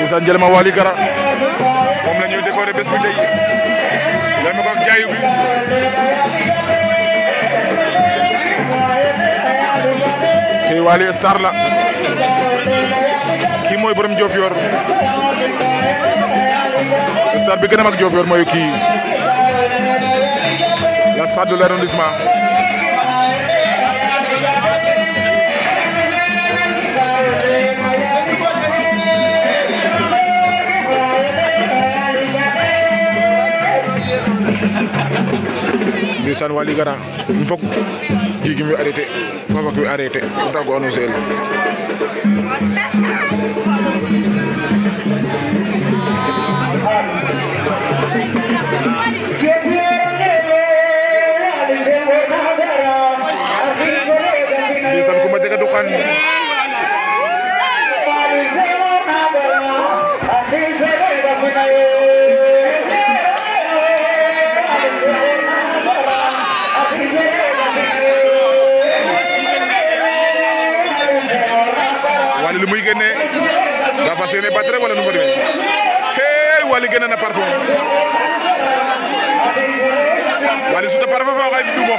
ndeysaan jël ma Waly Gara moom la ñuy décorer bés bi tey jël ma ko ak bi tey star la kii mooy borom Diofior star bi gën a mag Diofior mooy kii la stade de l'arrondissement ndeysaan Waly Gara um fog Djiby mi arrêté fo fak we arrêté o daago annoncé li muy génnee daa fas yéene battre wala nu mu ko demee génne na parfum Wally su ta parfum fa du moo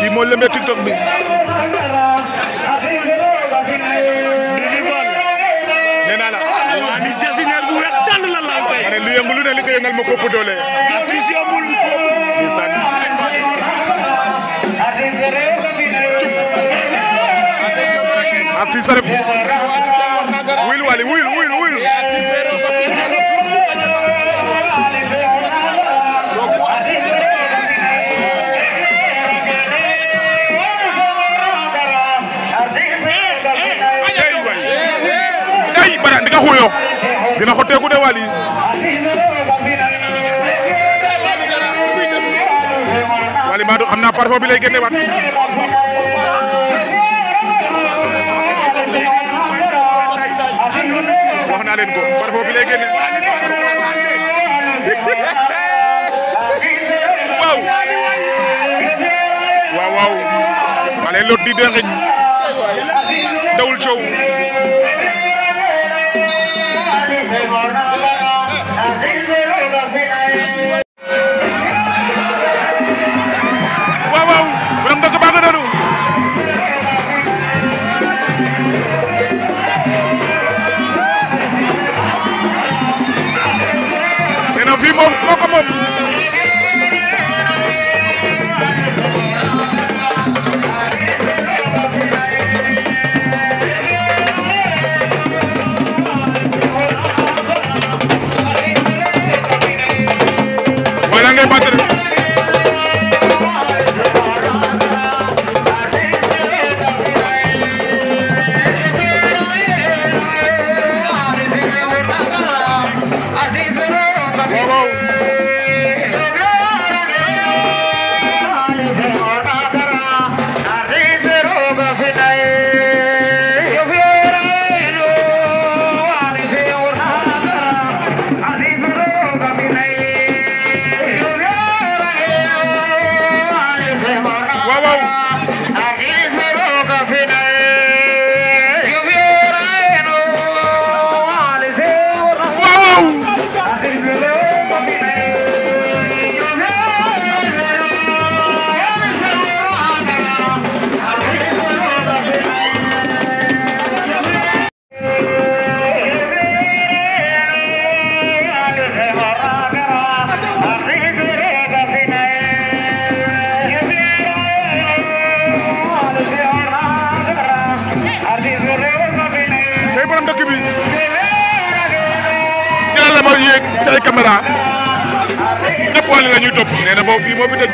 kii moo lëmbee tiktok bi nee naa la waa ni bu wet tànn la laa koy ma lu yëngu lu ne li ko yëngal ma ko doole artiste ref wuyul wali Waly Waly Maadou xam naa parfum bi lay génne waat wax naa leen ko parfum bi lay génne waaw waaw waaw xale lot di dëngiñ dawul coow move, no, come on. whoa. Touba ñëpp wàll la ñuy topp nee na boobu fii moo fi tëj